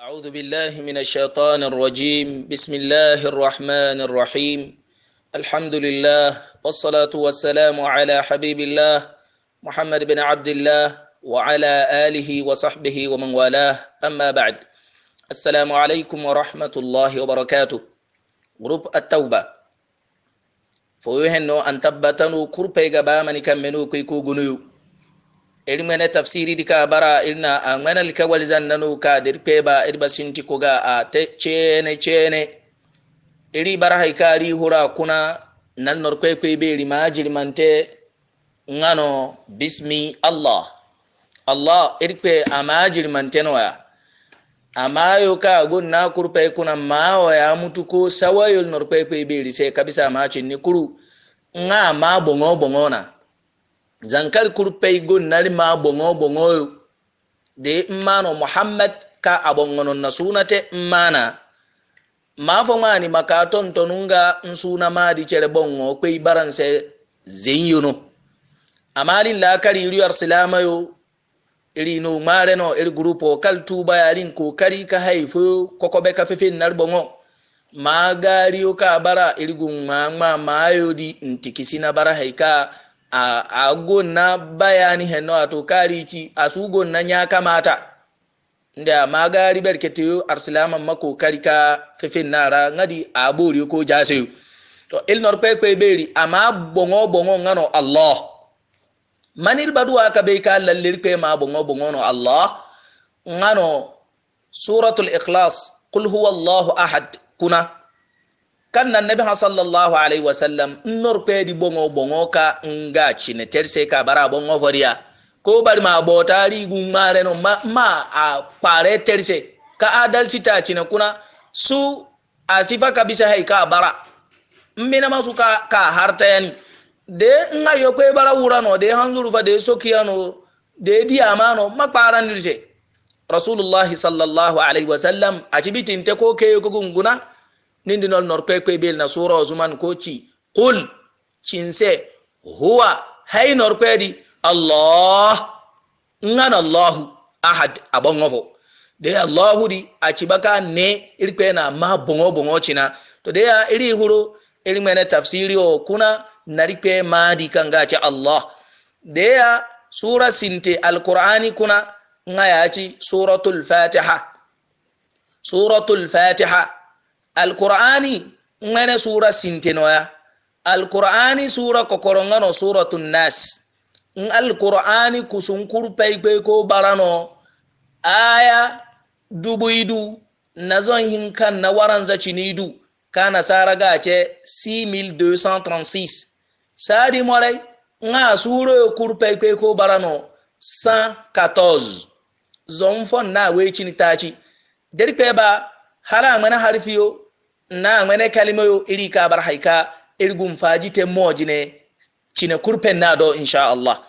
أعوذ بالله من الشيطان الرجيم بسم الله الرحمن الرحيم الحمد لله والصلاة والسلام على حبيب الله محمد بن عبد الله وعلى آله وصحبه ومن والاه أما بعد السلام عليكم ورحمة الله وبركاته غروب التوبة فويهنو أن تبتنو كربي غبامني كمنو كيكو جنيو eri mene tafsiri dika bara irna a mene lika walizan nanu ka dirpe ba irba sinti koga a te chene chene iri bara haikari hura kuna nan norkwe kwe be rima jirmante ngano bismi Allah Allah irpe ama jirmante noya amma yau ka gun na kurpe kuna mawa ya mutu ko sawayol norkwe kwe be rise kabisa ma cinni kuru nga ma bongo bongo na zankari kuru peygo nari ma boŋoboŋoyo de mmano muhammad ka aboŋono nasunate mmana mafoŋani maka tontonunga nsuna madi kere boŋo kwei baranse zenyono amalin lakari iri arsilamayo iri no mareno iri grupo kal tuba yarin kokari ka haifo kokobe ka fefen nar boŋo magariyo ka bara iri gun mama mayo di ntikisina bara haika a a gonna bayani henna ato kariki su gonna ya kamata nda magari berketeyo arsilaman mako karika fefin nara ngadi abori ko jaseyo to ilnor kwekwe beri ama bongo bongo ngano allah manil badu ka bai ka lallir kwe ma bongo bongo no allah ngano suratul ikhlas qul huwa allahu ahad kuna kan nan nabi ha sallallahu alaihi wa wasallam nnor pedi bongo bongo ka nga chine terse ka bara bongo foria ko bar ma bota gun mare no ma, ma a pare terse ka adal ta chine kuna su asifa kabisa hai ka bara mmina masu ka ka harta yani de nga yo ko bara wura no de hanzuru fa de sokiya no de di amano makparan dirse rasulullahi sallallahu alaihi wa sallam ajibitin te ko ke ko gunguna nindi nol norkoy koy bel na sura ozuman ko ci Kul cinse huwa hay norkoy di allah ngan allah ahad abongofo de allahu di baka ne irikpe na ma bongo bongo cina to de ya iri huru iri mene tafsiri o kuna narikpe ma di kanga ce allah de ya sura sinte alqur'ani kuna nga ci suratul fatiha suratul fatiha alkur'ani ngene sura sintenoya alkur'ani sura kokorongano suratun nas n alkur'ani kusun paypay ko barano aya dubuidu nazon hinkan na waranza cinidu ka nasara gace 6236 sadi morai nga suro kuru paypay ko barano 114 zonfon na wecini tachi derpe ba hala mana harfiyo na ngwene kalima yo iri ka bar haika irgun fajite mojine cine kurpen na do insha Allah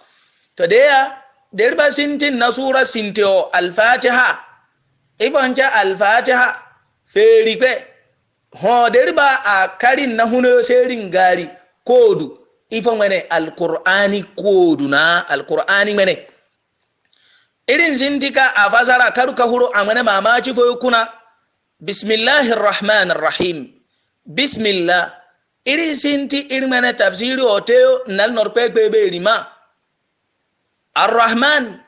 to deya derba sintin na sura al-fatiha ifonca al-fatiha feri kwe ho derba a karin na huno serin gari kodu ifo mene al-qur'ani kodu na al-qur'ani mene irin sintika a fasara karuka huro a ngwene mamaci foyo kuna bismillahir rahmanir rahim bismillah iri sinti iri mene tafsiri oteo nal norpe gbebe rima arrahman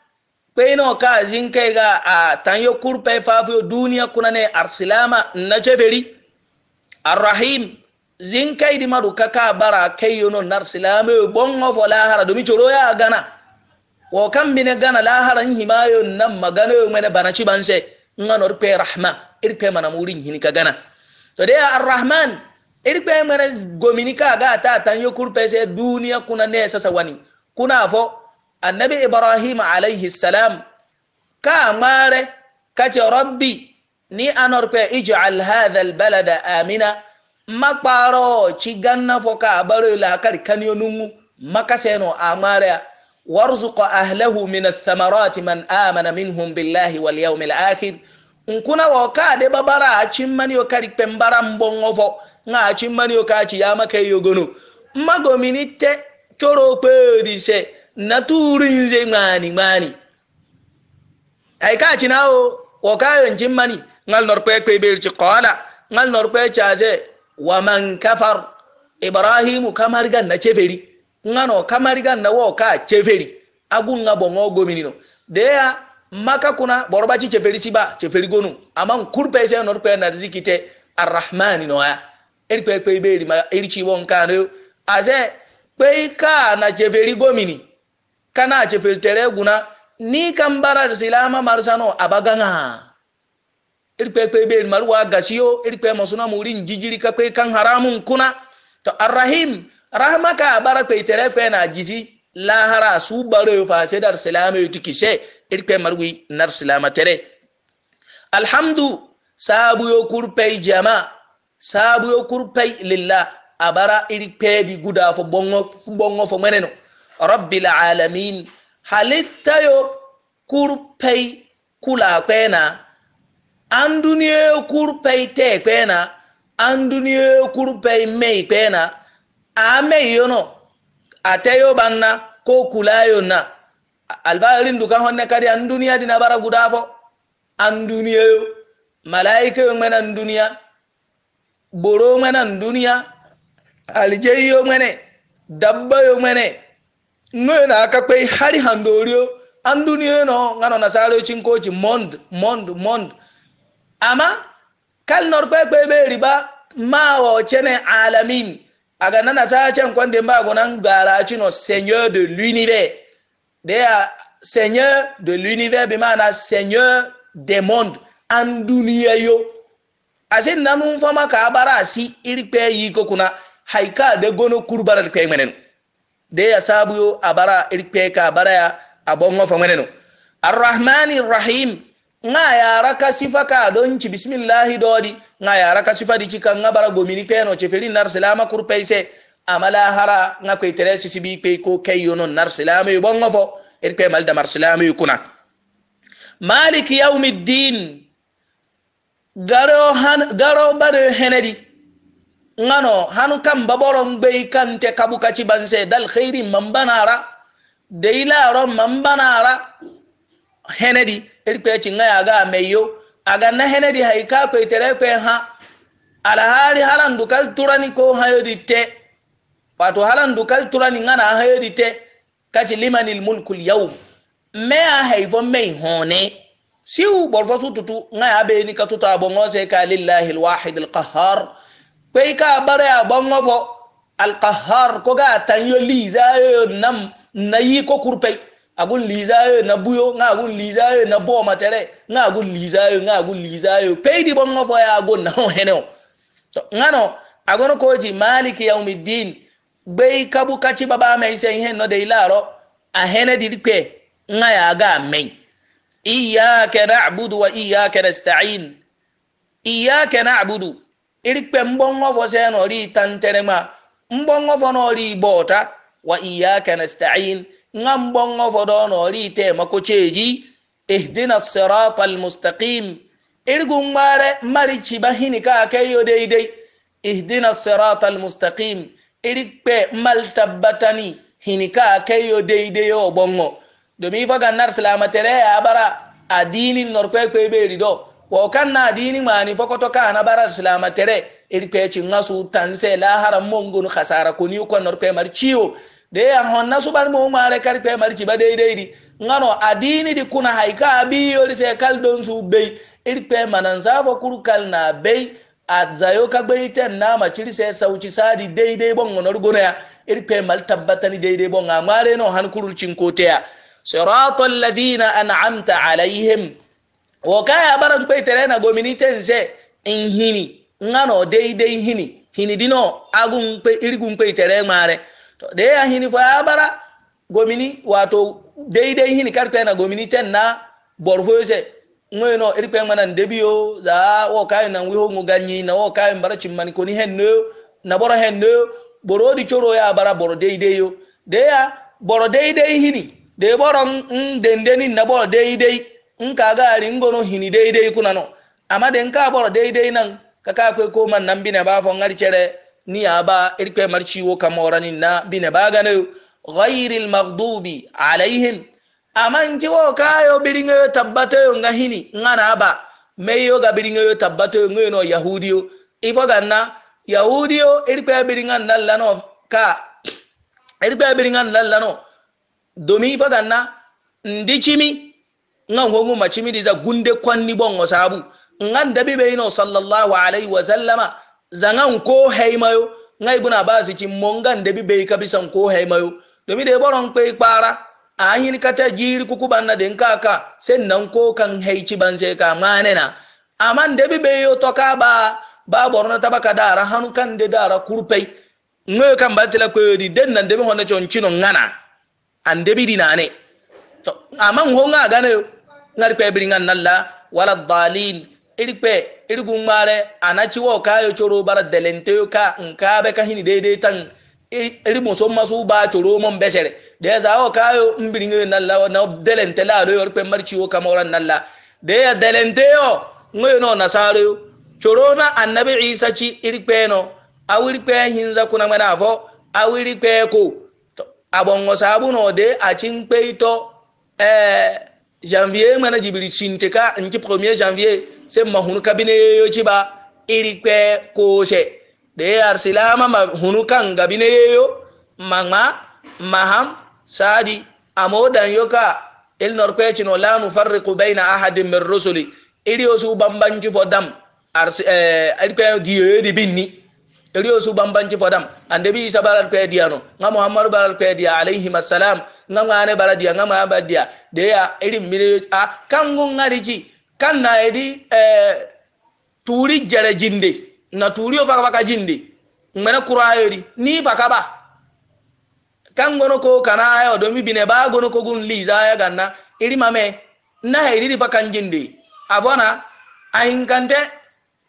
pe no ka jin kai ga a tanyo kurpe fafio duniya kuna ne arsilama na cheferi arrahim jin kai di maru kaka bara kai yono narsilama bongo fo lahara domi choro ya gana wo kan bine gana laharan himayo nan magana yo mene banachi banse nga norpe rahma irkwe mana murin hini ka gana to de arrahman irkwe mana gomini ka ga ta tan yo kurpe se duniya kuna ne sasa wani kuna fo annabi ibrahim alayhi salam ka mare ka ce rabbi ni anorpe ij'al hadha albalada amina makparo ci ganna fo ka baro la kar kaniyo makaseno amare وارزق أهله من الثمرات من آمن منهم بالله واليوم الآخر nkuna wa ka de babara a cin mani o kari pe mbara mbon ofo nga a cin mani o ka ci ya maka e yogono mago minite choro pe di se na turu nze ngani ngani ai ka ci na nawo wa ka yon cin mani ngal nor pe pe be ci qala ngal nor pe cha se wa man kafar ibrahimu kamar gan na cheferi ngano kamar gan na wo ka cheferi agun nga bongo gominino deya maka kuna boroba ci ceferi siba ceferi gonu aman kurpe se nor pe na dikite arrahman no ya eri pe pe be ma eri ci won kan re aze pe ka na ceferi gomini kana ceferi tere guna ni kan bara silama marsano abaganga eri pe pe be ma ruwa gasiyo eri pe mo suna muri njijiri ka pe kan haramun kuna to arrahim rahmaka bara pe tere pe na jisi lahara su bare fa se dar silama yutikise irkwe marwi nar silama tere alhamdu sabu yo kurpei jama sabu yo kurpei lillah abara irkpedi guda fo bongo fo bongo fo meneno rabbil alamin halitta yo kurpei kula kwena anduniye kurpei te kwena anduniye kurpei mei kwena amei yono ateyo banna ko kulayo na alfarin dukan honne kadi an duniya dina bara guda fo an duniya yo malaika yo mene an duniya boro mene an duniya aljei yo mene dabba yo mene ngoyo na aka kwai hari handoriyo an duniya no ngano nasaro cinkoci mond mond mond amma kal norkwekwe be riba mawo cene alamin aga nana sa cen kwande mbago nan gara no seigneur de l'univers They are Seigneur de l'univers, bi maana Seigneur des mondes, an duniya yo. Ashe nanun fama ka bara asi iri kpe yi ko kuna haika de gono kuru bara kpe menen. De ya sabu yo abara iri kpe ka bara ya abongo fa menen. Ar-Rahmani Rahim nga yara ka sifa ka don ci bismillahi dodi nga yara ka sifa di cika nga bara gomini kpe no cefeli nar selama kur peise. amala hara nga kwe tere sisi bi kwe ko kai yono nar silame bon ngofo et kwe mal damar silame kuna malik yawmiddin garo han garo bare henedi ngano hanu kam baboro ngbe kante kabuka ci banse dal khairi mambanara deilaro mambanara henedi et kwe ci ngaya ga meyo aga na henedi haika kwe tere kwe ha alahari harandu kal turani ko hayo te wato dukal turani ngana herite kati limanil mulkul yawm me a haifon mai hone siwu borfo su nga ya be ni katuta abon ose ka lillahi al alqahhar kai ka bare abon al alqahhar ko ga tanyo liza yo e nam nayi ko kurpei agun lizayo e na buyo nga agun lizayo e na bo matere nga agun lizayo nga agun lizayo peidi bon ngofo ya agun na ho heno to ngano agono koji maliki yaumiddin gbé kábú káchí bàbá mẹ́yìn sẹ́yìn hẹ́n náà dẹ̀yìn láàárọ̀ àhẹ́nẹ́ dìrí pẹ́ ńlá yà á gà mẹ́yìn. iyyaka na'budu wa iyyaka nasta'in iyyaka na'budu iri pẹ́ mbọ́ngọ́fọ́ sẹ́yìn náà rí tantẹ́rẹ́mà mbọ́ngọ́fọ́ náà rí bota, wa iyyaka nasta'in ńlá mbọ́ngọ́fọ́ náà te tẹ́ẹ̀mọ́kọ́ chéèjì ihdina sirata almustaqim irgun mare marici bahini ka kai yo daidai ihdina sirata almustaqim irikpe maltabbatani hinika keyo deideyo bongo domi faga nar silamatere ya bara adini norkwe kwe beri do kan na adini mani fokoto kana bara silamatere irikpe ci ngasu tanse la haram mongun khasara kuni ko norkwe mar ciwo de ya nasu bar mo mare kar pe mar ci ba di ngano adini di kuna haika abiyo lise kal don su bei irikpe manan safo kurkal na bei a zayo ka gbe ta na ma ciri sai sauci sadi daidai bon ngonor gona ya irpe mal ni daidai bon a mare no han kurul cinkote ya siratal ladina an'amta alaihim ka ya baran kwe tare na gomini se in hini ngano daidai hini hini dino agun pe irgun pe tere mare to de ya hini fa ya bara gomini wato daidai hini karfe na gomini ten na borfoje ŋweno iri kpe ŋmanan debiyo za wo kayin nan wiho ŋu ganyi na wo kayin bara cimmani koni henno na boro henno boro di choro ya bara boro yo de ya boro deidei hini de boro n dendeni na boro deidei n ari n gono hini deidei kunano amma de nka boro boro deidei nan kaka kwe ko man nan bine ba fo ŋari chere ni ya ba iri marchi mari ciwo ni na bine ba ganeyo غير maghdubi alaihim aman jiwo kayo biriŋeyo tabbatoyo ŋa hini ŋa naba meyo ga biriŋeyo tabbatoyo ŋeyo no yahudiyo ifo ganna yahudiyo irikwe biriŋa na lano ka irikwe biriŋa na lano domi ifo ganna ndi chimi ŋa ŋongu ma chimi diza gunde kwanni bongo sabu ŋa ndabi be ino sallallahu alaihi wa sallama zanga ko heimayo ŋa ibuna ba zikin monga ndabi be kabisa ko heimayo domi de boron kwe kpara an hini kata jiri kukubanna den kaka sen nan ko kan haici banse ka manena amman de bi beyo to ka ba ba borna taba ka dara hanu kan de dara kurpei ngo kan batila ko yodi den nan de bi honna chonchino ngana an de bi dinane to amman ho nga gane ngari pe bi ngan nalla wala dalil iri pe iri gumare anachi wo ka yo choro bara delente yo ka nka be ka hini de de tan ribosomma su ɓacoro mon besere ya o kayo mbiriŋoyo nalla na delente laado yor pemmar ciwo kamoran nalla deya delenteyo ŋoyo no nasaroyo corona annabi isa ci iri kpeno awiri kpe hinza kuna ŋmene afo awiri kpe ko abongo sabuno de acin kpeito eh, janvier mana jibiri sinte ka nci premier janvier se mahunu kabine yeyo ci ba iri ko kose ɗe ar silama ma hunukan hunu kan gabineyeyo mama maham sadi amodan yoka ilnor kwecino la nufarriqu baina ahadin min rusuli iri osu bambanci fo dam arkwe eh, diyoyedi binni iri osu bambanci fo dam ande bi isa baral kwe diya no nga muhammadu baral kwe diya alayhim assalam nga ngane bara diya nga ma diya deya iri mire a kangu ngari ci kan na edi eh, turi jere jinde na turiyo faka faka jindi ngmene kurayeri ni faka ba kan gono ko kana ayo domi bine ba gono ko gun liza ya ganna iri mame na hairi faka jindi avona ayin kante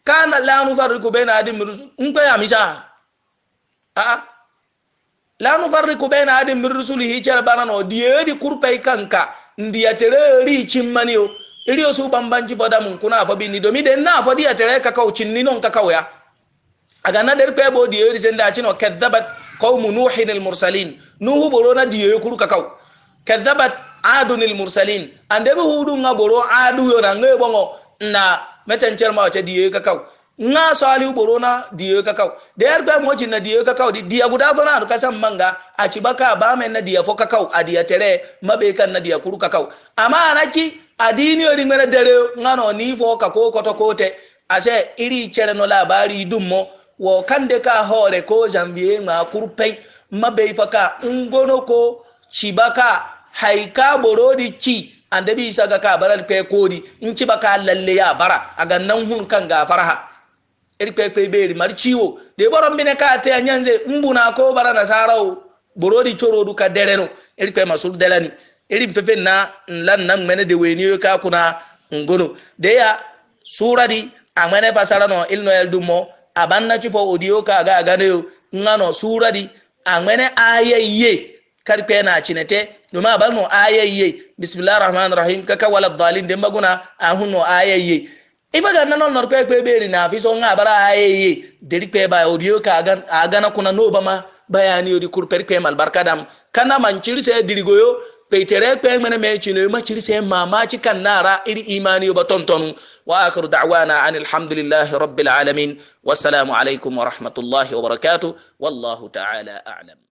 kana lanu farriku baina adim rusul nkwe ya misa a a lanu farriku baina adim rusul hi cer bana no diye di kurpai kanka ndiya tere ri chimmaniyo iri osu bambanci fodamun kuna afobini domi den na afodi ya tere kakau cinni non kakau ya aga na der kwe bo yori disen da chino kadhabat qaumu nuhin al mursalin nuhu di yori kuru kakau kadhabat adun al mursalin ande bi hudu nga boro adu yo na ngai bongo na metencher ma di yori kakau nga sali di yori kakau der kwe mo chin na yori kakau di diya guda fana ru kasan manga a baka ba men na diya fo kakau a diya tere mabe kan na diya kuru kakau amma anaki adini ori ngana dere ngano ni fo kakau to kote ase iri chere no labari dummo wo kande ka hore ko janvier ma kurpei mabe faka ngono ko chibaka haika borodi ci ande isa saka ka baral pe kodi in ci baka lalle ya bara aga nan hun kan ga farha iri pe pe beri mar ciwo de boron ne ka te anyanze na ko bara sarau borodi choro du ka dereno iri pe masul delani iri fefe na lan nan mene de weni ka kuna ngono de ya suradi amane fasara no ilno el dumo abanna chifo udiyo ka ga gane ngano suradi angwene ayeye karpe na cinete numa bar no ayeye bismillahir rahmanir rahim kaka wala dalin de maguna ahun no ayayye ifa ga nan nor pe pe beri na fi so nga bara ayeye deri pe ba odiyo ka ga gana kuna no bama bayani yodi kur per mal barkadam kana man se dirigoyo بيتري بين من ميتين وما تري سين ما ما تي كان نارا إلى إيماني وبتنتن وآخر دعوانا عن الحمد لله رب العالمين والسلام عليكم ورحمة الله وبركاته والله تعالى أعلم